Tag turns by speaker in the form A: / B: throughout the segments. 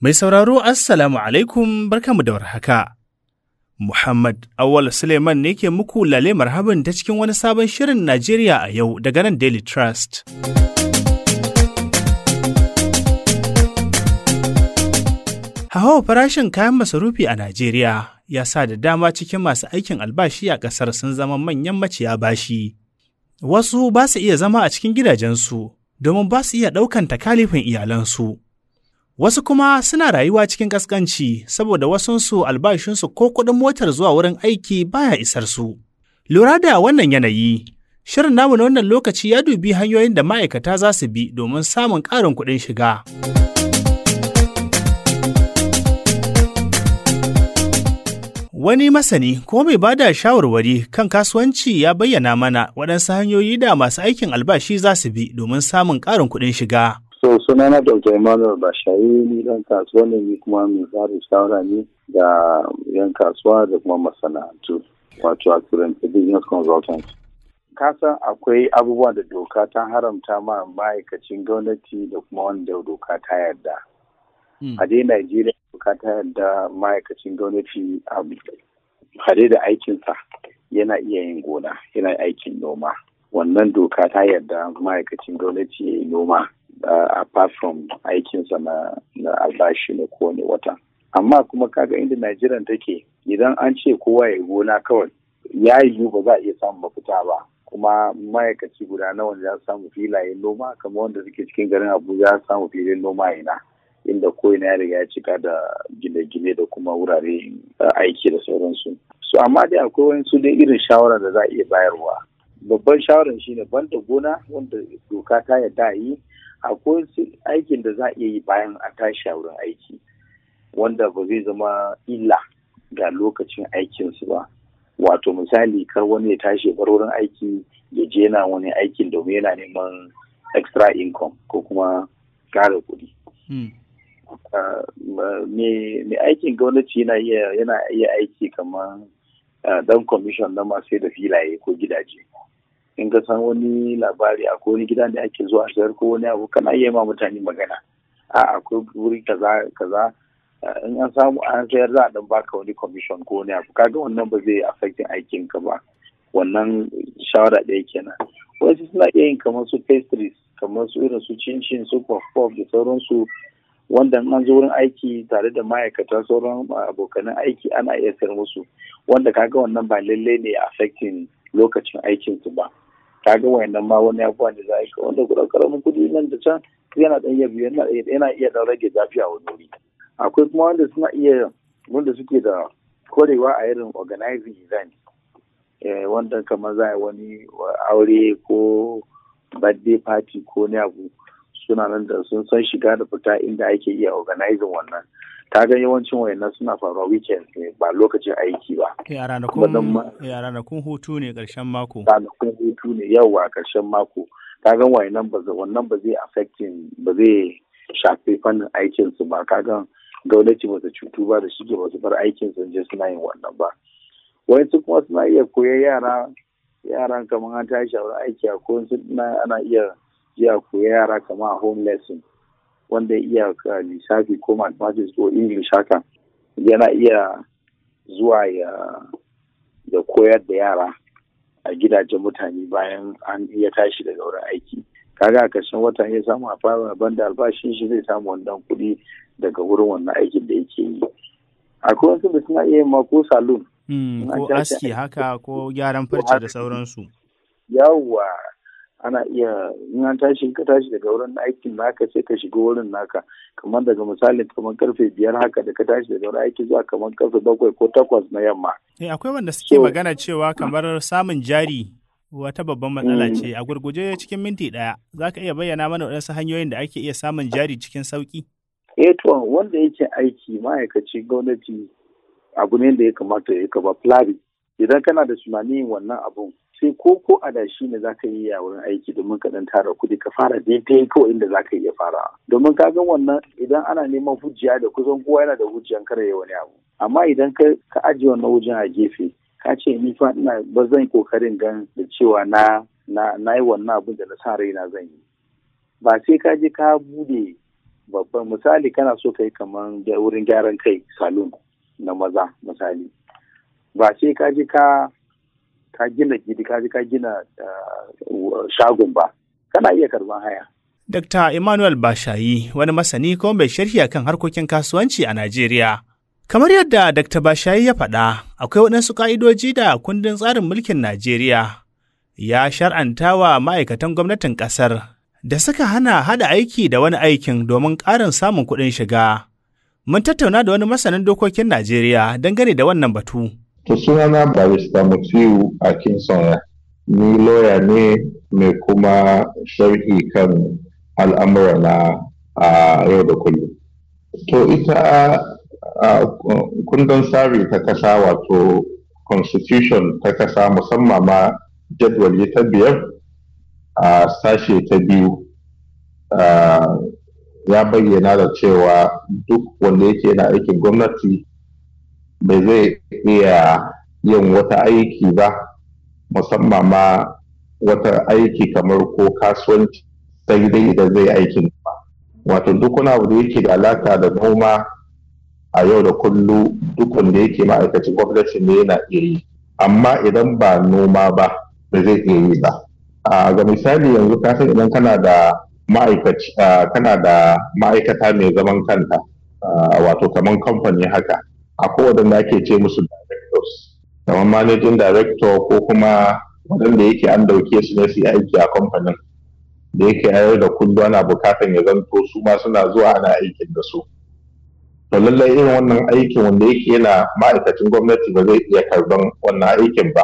A: Mai sauraro Assalamu alaikum barkamu da warhaka. Muhammad Awal Suleiman ne ke muku lale marhaban ta cikin wani sabon shirin Najeriya a yau daga nan Daily Trust. Hawa farashin kayan masarufi a Najeriya ya sa da dama cikin masu aikin albashi a ƙasar sun zama manyan maciya bashi. Wasu ba su iya zama a cikin gidajensu domin ba su iya ɗaukan takalifin iyalansu. Wasu kuma suna rayuwa cikin ƙasƙanci saboda wasunsu albashinsu ko kuɗin motar zuwa wurin aiki baya isar su. Lura da wannan yanayi, shirin namu na wannan lokaci ya dubi hanyoyin da ma'aikata za su bi domin samun ƙarin kuɗin shiga. Wani masani ko mai ba da shawarwari kan kasuwanci ya bayyana mana waɗansu hanyoyi da masu aikin albashi za su bi domin samun ƙarin kuɗin shiga.
B: So sunana Dr. Emmanuel Bashayi ni dan kasuwa ne ni kuma mai tsari shawara ne da yan kasuwa da kuma masana'antu wato a turin business consultant. Kasan akwai abubuwa da doka ta haramta ma ma'aikacin gwamnati da kuma wanda doka ta yarda. Hmm. A dai Najeriya doka ta yarda ma'aikacin gwamnati a hade da aikinsa yana iya yin gona yana aikin noma. Wannan doka ta yarda ma'aikacin gwamnati ya yi noma. Uh, apart from aikinsa na albashi na kowane wata amma kuma kaga inda najeriya take idan an ce kowa ya gona kawai ya yiwu ba za a iya samun mafita ba kuma ma'aikaci guda nawa ya samu filayen noma kamar wanda suke cikin garin abuja ya samu filin noma ina inda ko'ina ya riga ya cika da gine-gine da kuma wurare uh, aiki da sauransu su amma dai akwai wani su dai irin shawara da za a iya bayarwa babban shawaran shine banda gona wanda doka ta yadda yi akwai aikin da za a iya yi bayan a tashi a wurin aiki wanda ba zai zama illa ga lokacin aikinsu ba wato misali kar wani ya tashi bar wurin aiki ya je na wani aikin domin yana neman extra income ko kuma kare kuɗi. Hmm. Ah, mai aikin gwamnati yana iya aiki kamar dan ah, commission na masu da filaye ko gidaje in ka san wani labari a wani gida da ake zuwa sayar ko wani abu kana iya ma mutane magana a akwai wuri kaza kaza in an samu an sayar za a dan baka wani commission ko wani abu kaga wannan ba zai affecting aikin ka ba wannan shawara ɗaya kenan wasu suna iya yin kamar su pastries kamar su irin su cincin su puff puff da sauransu wanda an zo wurin aiki tare da ma'aikata sauran abokanan aiki ana iya sayar musu wanda kaga wannan ba lallai ne affecting lokacin aikinsu ba ta ga wayannan ma wani abubuwa da za a yi wanda kuɗa karamin kuɗi nan da can yana ɗan yabi biyu yana iya ɗan rage zafi a wani wuri akwai kuma wanda suna iya wanda suke da korewa a irin organizing event eh, wanda kamar za a yi wani aure ko birthday party ko ne abu suna nan da sun san shiga da fita inda ake iya organizing wannan ta ga yawancin wayannan suna faruwa weekend ne ba lokacin aiki ba.
A: Eh, eh, a ranakun hutu ne karshen mako. Ranakun hutu ne yawa
B: karshen mako. Ta ga wayannan ba wannan ba zai affecting ba zai shafi fannin aikinsu ba ka ga gwamnati ba ta cutu ba da shi ke ba su bar aikin su je suna yin wannan ba. su kuma suna iya koyar yara yaran kamar an tashi a aiki a kowansu ana iya jiya koya yara kamar a home lesson. wanda ya iya uh, lissafi ko mathematics ko english haka yana iya zuwa ya koyar da yara a gidajen mutane bayan an iya tashi daga wurin aiki kaga a ƙarshen wata ya samu a fara da albashin shi zai samu wannan kuɗi daga wurin wannan aikin da yake yi akwai wasu da suna iya ma ko salon
A: hmm, ko aski haka ko gyaran farce da sauransu yawwa
B: ana iya in an tashi ka tashi daga wurin aikin naka sai ka shiga wurin naka kamar daga misalin kamar karfe biyar haka da ka tashi daga wurin aiki zuwa kamar karfe bakwai ko takwas na yamma.
A: Eh akwai wanda suke magana cewa kamar samun jari wata babban matsala mm. ce a gurguje cikin minti daya za ka iya bayyana mana waɗansu hanyoyin da ake iya samun jari cikin sauki.
B: Eh to wanda yake aiki ma'aikaci gwamnati abu ne da ya kamata ya kaba Idan kana da tunanin wannan abun sai ko ko adashi ne za ka yi a wurin aiki domin ka dan tara kuɗi ka fara daidai ko inda za ka iya fara domin ka ga wannan idan ana neman hujja da kusan kowa yana da hujjan kare wani abu amma idan ka ajiye wannan wajen a gefe ka ce ni fa ina ba zan kokarin gan da cewa na na yi wannan abin da na sa raina zan yi ba sai ka je ka bude babban misali kana so kai kaman wurin gyaran kai salon na maza misali ba sai ka je ka ka gina gidi ka ka gina eh, shagon ba kana iya karban haya
A: Dr. Emmanuel Bashayi wani masani ko mai sharhi akan harkokin kasuwanci a Najeriya Kamar yadda Dr. Bashayi ya faɗa, akwai waɗansu ƙa'idoji da kundin tsarin mulkin Najeriya ya shar'anta wa ma'aikatan gwamnatin ƙasar da suka hana haɗa aiki da wani aikin domin ƙarin samun kuɗin shiga. Mun tattauna da wani masanin dokokin Najeriya dangane da wannan batu.
C: To suna na barista a ya. ni loya ne mai kuma sharhi kan al'amura na a yau da kullum. To ita kundin tsari ta kasa wato constitution ta kasa musamman ma jadwali ta biyar a sashe ta biyu ya bayyana da cewa duk wanda yake na aikin gwamnati ba zai iya yin wata aiki ba musamman ma wata aiki kamar ko kasuwanci sai dai idan zai aikin ba wato duk wani abu da yake da alaka da noma a yau da kullu duk wanda yake ma'aikacin gwamnati ne yana iya yi amma idan ba noma ba ba zai iya yi ba a ga misali yanzu ka idan kana da kana da ma'aikata mai zaman kanta wato kamar kamfani haka akwai da ake ce musu directors kamar managing director ko kuma waɗanda yake an dauke su ne su aiki a kamfanin da yake ayar da kullum ana bukatan ya zanto su ma suna zuwa ana aikin da su to lallai irin wannan aikin wanda yake yana ma'aikacin gwamnati ba zai iya karban wannan aikin ba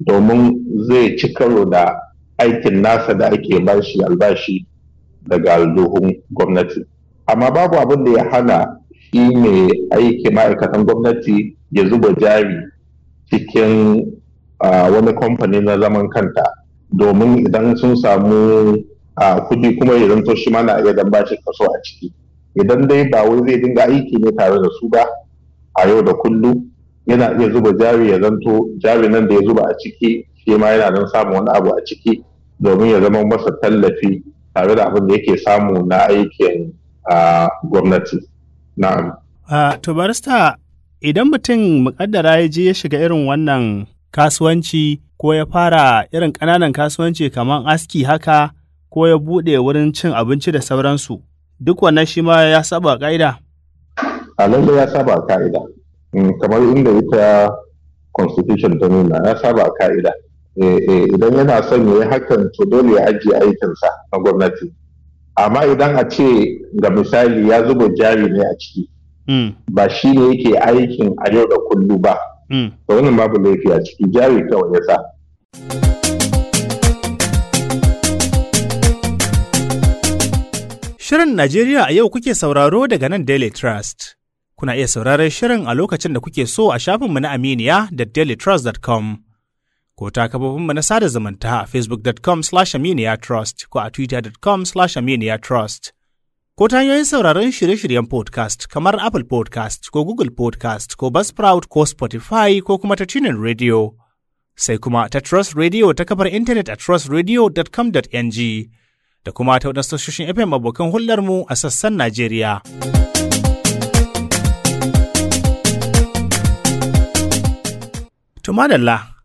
C: domin zai ci karo da aikin nasa da ake bashi albashi daga alduhun gwamnati amma babu abin da ya hana shi mai aiki ma'aikatan gwamnati ya zuba jari cikin wani kamfani na zaman kanta domin idan sun samu kudi kuma ya zanto shi mana iya dan bashi kaso a ciki idan dai ba wai zai dinga aiki ne tare da su ba a yau da kullum yana iya zuba jari ya zanto jari nan da ya zuba a ciki shi ma yana don samun wani abu a ciki domin ya zama masa tallafi tare da abin da yake samu na aikin gwamnati.
A: Na'am. to barista idan mutum mukaddara ya je ya shiga irin wannan kasuwanci ko ya fara irin ƙananan kasuwanci kamar aski haka ko ya buɗe wurin cin abinci da sauransu duk wannan shi ma ya saba ƙa'ida?
C: A lallai ya saba ƙa'ida. Mm, kamar inda ita constitution ta nuna ya saba ƙa'ida. Eh, eh, idan yana son ya yi hakan to dole ya ajiye aikinsa na gwamnati. amma idan a ce ga misali ya zuba jari ne a ciki hmm. ba shi ne yake aikin a yau da kullu ba ba hmm. wani babu laifi a ciki jari kawai ya sa
A: Shirin Najeriya a yau kuke sauraro daga nan Daily Trust. Kuna iya sauraron shirin a lokacin da kuke so a shafinmu na Aminiya da dailytrust.com. ko ta kafofinmu na sada zumunta a facebook.com slash aminiyatrust ko a twitter.com slash aminiyatrust. Ko ta hanyoyin sauraron shirye-shiryen podcast kamar Apple podcast ko Google podcast ko Buzzsprout ko Spotify ko kuma ta tunin radio. Sai kuma ta Trust Radio ta kafar intanet a trustradio.com.ng da kuma ta waɗansu tashoshin FM abokan hulɗarmu a sassan Najeriya. Tumadalla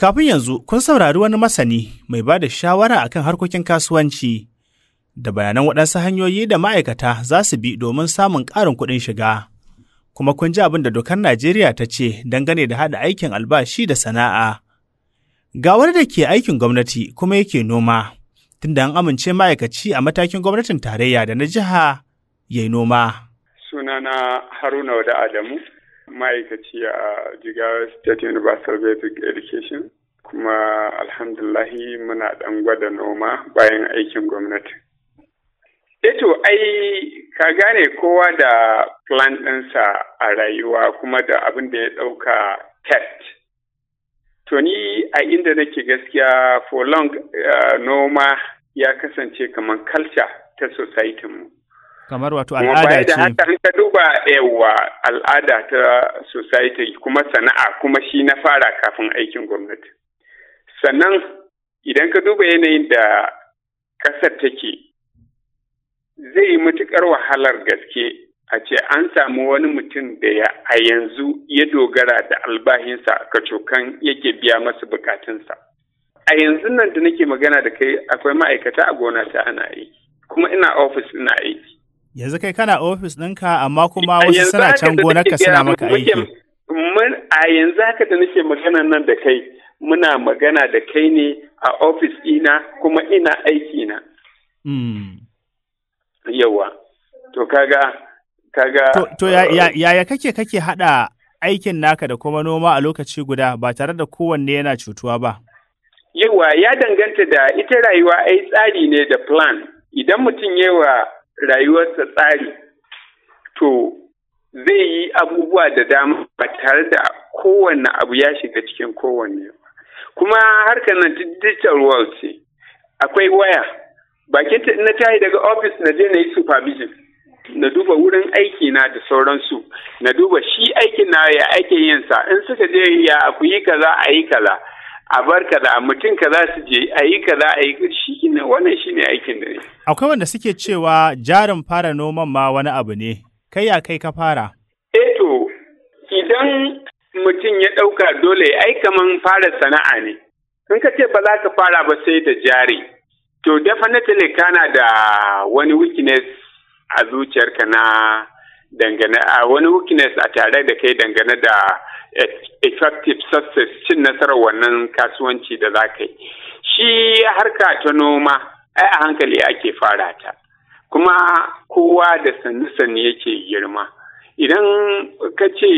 A: Kafin yanzu kun saurari wani masani mai ba da shawara a kan harkokin kasuwanci da bayanan waɗansu hanyoyi da ma'aikata za su bi domin samun ƙarin kuɗin shiga. Kuma kun ji abin da dokar Najeriya ta ce dangane da haɗa aikin albashi da sana'a. Ga wani da ke aikin gwamnati kuma yake noma, tunda an amince ma'aikaci a matakin gwamnatin tarayya da na jiha ya noma.
D: Sunana Haruna Wada Adamu, ma'aikaci a Jigawa State Universal Basic Education kuma alhamdulahi muna ɗan gwada noma bayan aikin gwamnati. Eto eh ai ka gane kowa da plan ɗinsa a rayuwa kuma da abin da ya ɗauka test. To ni a inda nake gaskiya for long eh, noma ya kasance kamar culture ta society mu.
A: kamar wato al'ada ce haka
D: in ka duba yawa al'ada ta society kuma sana'a kuma shi na fara kafin aikin gwamnati sannan idan ka duba yanayin da ƙasar take zai yi matuƙar wahalar gaske a ce an samu wani mutum da ya a yanzu ya dogara da albahinsa cokan yake biya masa bukatunsa. A yanzu nan da nake magana da kai akwai ma'aikata a gona ta ana aiki, kuma ina ofis ina aiki.
A: Yanzu kai kana ofis ɗinka amma kuma wasu suna can gonarka suna maka aiki. Mun
D: a yanzu haka da nake magana nan da kai muna magana da kai ne a ofis ina kuma ina aiki na. Hmm. Yawa. To kaga kaga
A: To, eh, yaya kake kake haɗa aikin naka da kuma noma a lokaci guda ba tare da kowanne yana cutuwa ba?
D: Yawa ya danganta da ita rayuwa ai tsari ne da plan. Idan mutum yawa rayuwarsa tsari to zai yi abubuwa da dama ba tare da kowane abu ya shiga cikin kowanne ba kuma harkar na digital world ce akwai waya bakin na tayi daga ofis na je na yi supervision na duba wurin aiki na da sauransu na duba shi aikin na ya aikin yinsa in suka je ya ku yi kaza a yi kaza a bar kaza mutum kaza su je a yi kaza a yi shi ne wannan shi ne aikin da ne.
A: Akwai wanda suke cewa jarin fara noman ma wani abu ne, kai ya kai ka fara?
D: Eh to, idan mutum ya ɗauka dole ai kaman fara sana'a ne, in ka ce ba za ka fara ba sai da jari, to definitely kana da wani weakness a zuciyarka na dangane a wani weakness a tare da kai dangane da Eh, effective success cin nasarar wannan kasuwanci da za ka yi shi harka ta noma ai a hankali ake fara ta kuma kowa da sannu-sannu yake girma idan ka ce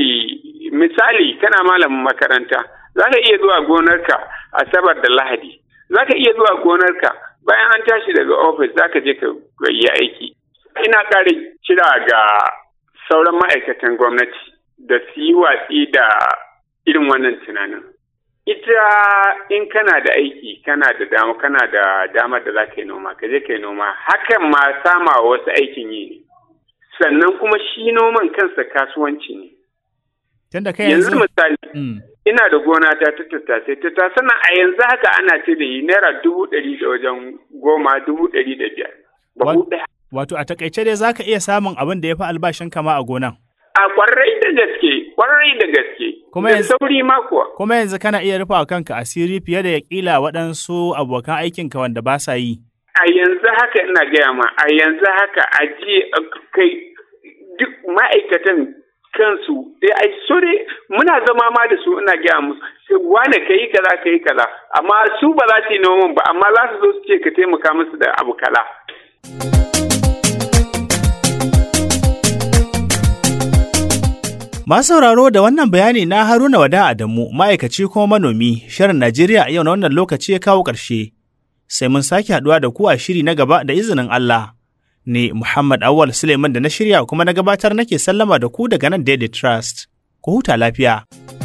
D: misali kana malamin makaranta za ka iya zuwa gonarka asabar da lahadi za ka iya zuwa gonarka bayan an tashi daga ofis za ka je ka
B: yi aiki
D: ina ƙara kira ga sauran ma'aikatan gwamnati da su yi watsi da irin wannan tunanin. Ita in kana da aiki, kana da dama, kana da dama da za ka yi noma, ka je ka yi noma, hakan ma sama wasu aikin yi ne. Sannan kuma shi noman kansa kasuwanci ne.
A: Tunda kai yanzu Yanzu misali, mm.
D: ina da gona ta ta tattasai ta ta sana a yanzu haka ana ce da yi naira dubu ɗari da wajen goma dubu ɗari da
A: biyar. Wato a takaice dai za ka iya samun abin da ya fi albashin kama a gonan.
D: a kwarai da gaske kwarai da gaske
A: kuma yanzu sauri ma kuma yanzu kana iya rufa kanka asiri fiye da yakila waɗansu abokan aikinka wanda ba sa yi
D: a yanzu haka ina gaya ma a yanzu haka a ji kai duk ma'aikatan kansu sai ai sore muna zama ma da su ina gaya musu sai wane ka yi kaza ka yi kaza amma su ba za su yi noman ba amma za su zo su ce ka taimaka musu da abu kala.
A: Ma sauraro da wannan bayani na Haruna Wada Adamu ma'aikaci kuma manomi shirin Najeriya yau na wannan lokaci ya kawo ƙarshe. Sai mun sake haɗuwa da ku a shiri na gaba da izinin Allah. Ne Muhammad Awal Suleiman da na shirya kuma na gabatar nake sallama da ku daga nan Daily Trust. Ku huta lafiya.